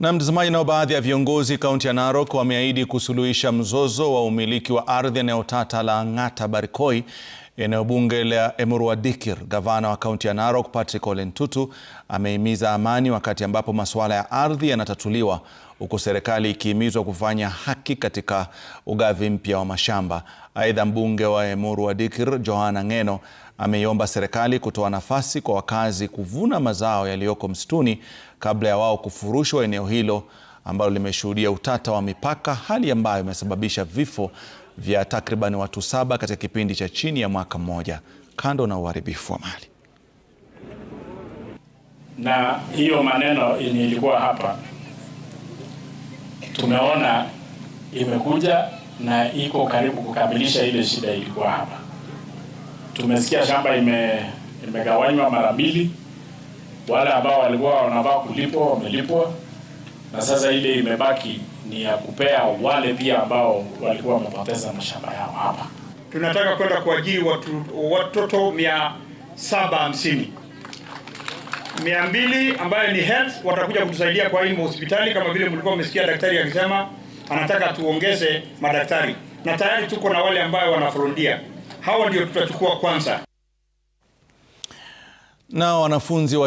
Na mtazamaji, nao baadhi ya viongozi kaunti ya Narok wameahidi kusuluhisha mzozo wa umiliki wa ardhi eneo tata la ngata Barikoi, eneo bunge la Emurua Dikir. Gavana wa kaunti ya Narok Patrick Ole Ntutu amehimiza amani wakati ambapo masuala ya ardhi yanatatuliwa huku serikali ikihimizwa kufanya haki katika ugavi mpya wa mashamba. Aidha, mbunge wa Emuru Wadikir Johana Ng'eno ameiomba serikali kutoa nafasi kwa wakazi kuvuna mazao yaliyoko msituni kabla ya wao kufurushwa eneo hilo ambalo limeshuhudia utata wa mipaka, hali ambayo imesababisha vifo vya takriban watu saba katika kipindi cha chini ya mwaka mmoja, kando na uharibifu wa mali. Na hiyo maneno yenye ilikuwa hapa tumeona imekuja na iko karibu kukamilisha ile shida ilikuwa hapa. Tumesikia shamba ime, imegawanywa mara mbili, wale ambao walikuwa wanavaa kulipwa wamelipwa, na sasa ile imebaki ni ya kupea wale pia ambao walikuwa wamepoteza mashamba yao hapa. Tunataka kwenda kuajiri watoto mia saba hamsini mia mbili ambayo ni health watakuja kutusaidia kwa hii hospitali, kama vile mlikuwa mmesikia daktari akisema anataka tuongeze madaktari, na tayari tuko na wale ambayo wanafurundia Hawa ndio tutachukua kwanza na wanafunzi wa